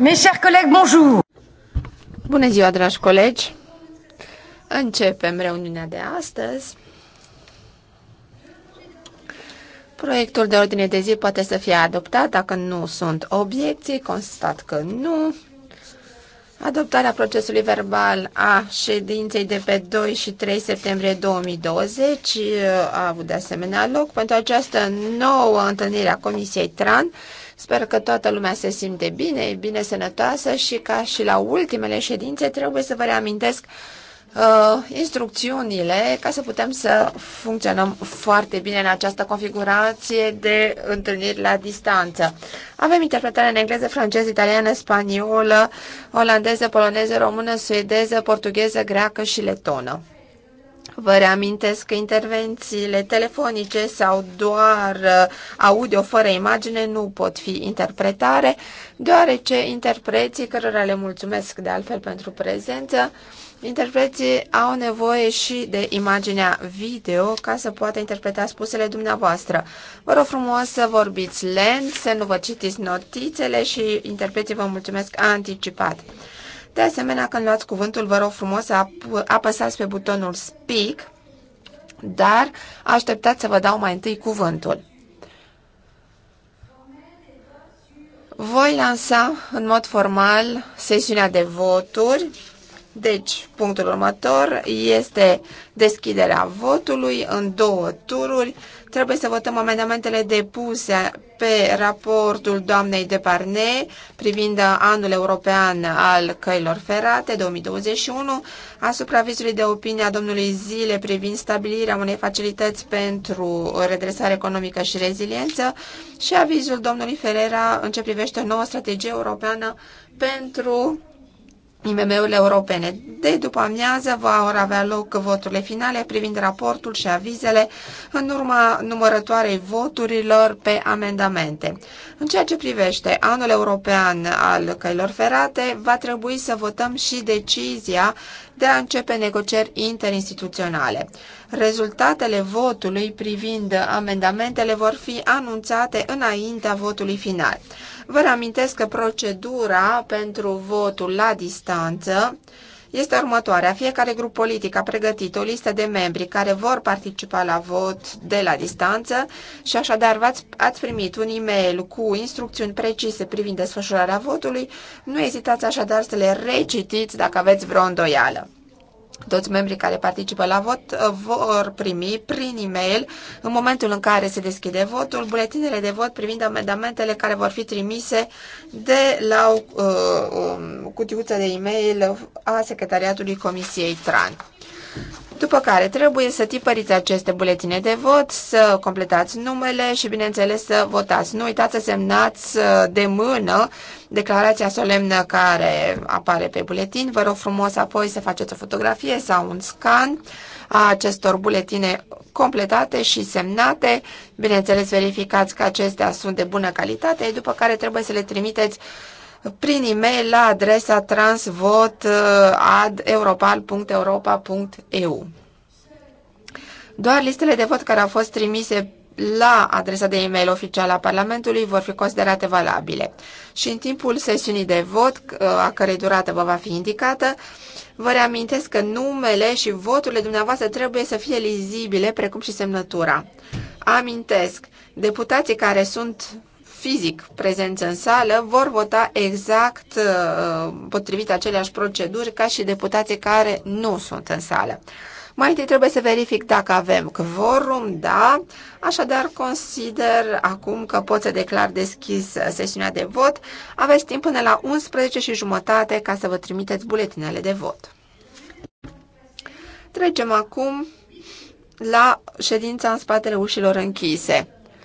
Mes chers collègues, bonjour. Bună ziua, dragi colegi. Începem reuniunea de astăzi. Proiectul de ordine de zi poate să fie adoptat dacă nu sunt obiecții, constat că nu. Adoptarea procesului verbal a ședinței de pe 2 și 3 septembrie 2020 uh, a avut de asemenea loc pentru această nouă întâlnire a Comisiei TRAN. Sper că toată lumea se simte bine, bine sănătoasă și ca și la ultimele ședințe trebuie să vă reamintesc uh, instrucțiunile ca să putem să funcționăm foarte bine în această configurație de întâlniri la distanță. Avem interpretare în engleză, franceză, italiană, spaniolă, olandeză, poloneză, română, suedeză, portugheză, greacă și letonă. Vă reamintesc că intervențiile telefonice sau doar uh, audio fără imagine nu pot fi interpretare, deoarece interpreții, cărora le mulțumesc de altfel pentru prezență, interpreții au nevoie și de imaginea video ca să poată interpreta spusele dumneavoastră. Vă rog frumos să vorbiți lent, să nu vă citiți notițele și interpreții vă mulțumesc anticipat. De asemenea, când luați cuvântul, vă rog frumos să ap- apăsați pe butonul Speak, dar așteptați să vă dau mai întâi cuvântul. Voi lansa în mod formal sesiunea de voturi deci, punctul următor este deschiderea votului în două tururi. Trebuie să votăm amendamentele depuse pe raportul doamnei Parne privind anul european al căilor ferate 2021, asupra vizului de opinie a domnului Zile privind stabilirea unei facilități pentru redresare economică și reziliență și avizul domnului Ferera în ce privește o nouă strategie europeană pentru IMM-urile europene. De după amiază vor avea loc voturile finale privind raportul și avizele în urma numărătoarei voturilor pe amendamente. În ceea ce privește anul european al căilor ferate, va trebui să votăm și decizia de a începe negocieri interinstituționale. Rezultatele votului privind amendamentele vor fi anunțate înaintea votului final. Vă reamintesc că procedura pentru votul la distanță este următoarea. Fiecare grup politic a pregătit o listă de membri care vor participa la vot de la distanță și așadar ați ați primit un e-mail cu instrucțiuni precise privind desfășurarea votului. Nu ezitați așadar să le recitiți dacă aveți vreo îndoială toți membrii care participă la vot uh, vor primi prin e-mail, în momentul în care se deschide votul, buletinele de vot privind amendamentele care vor fi trimise de la o, uh, o, um, o cutiuță de e-mail a Secretariatului Comisiei TRAN. După care trebuie să tipăriți aceste buletine de vot, să completați numele și, bineînțeles, să votați. Nu uitați să semnați uh, de mână declarația solemnă care apare pe buletin. Vă rog frumos apoi să faceți o fotografie sau un scan a acestor buletine completate și semnate. Bineînțeles, verificați că acestea sunt de bună calitate, după care trebuie să le trimiteți prin e-mail la adresa transvot@europal.europa.eu. Uh, Doar listele de vot care au fost trimise la adresa de e-mail oficială a Parlamentului vor fi considerate valabile. Și în timpul sesiunii de vot, uh, a cărei durată vă va fi indicată, vă reamintesc că numele și voturile dumneavoastră trebuie să fie lizibile, precum și semnătura. Amintesc, deputații care sunt fizic prezenți în sală vor vota exact uh, potrivit aceleași proceduri ca și deputații care nu sunt în sală. Mai întâi trebuie să verific dacă avem quorum, da, așadar consider acum că pot să declar deschis sesiunea de vot. Aveți timp până la 11 și jumătate ca să vă trimiteți buletinele de vot. Trecem acum la ședința în spatele ușilor închise.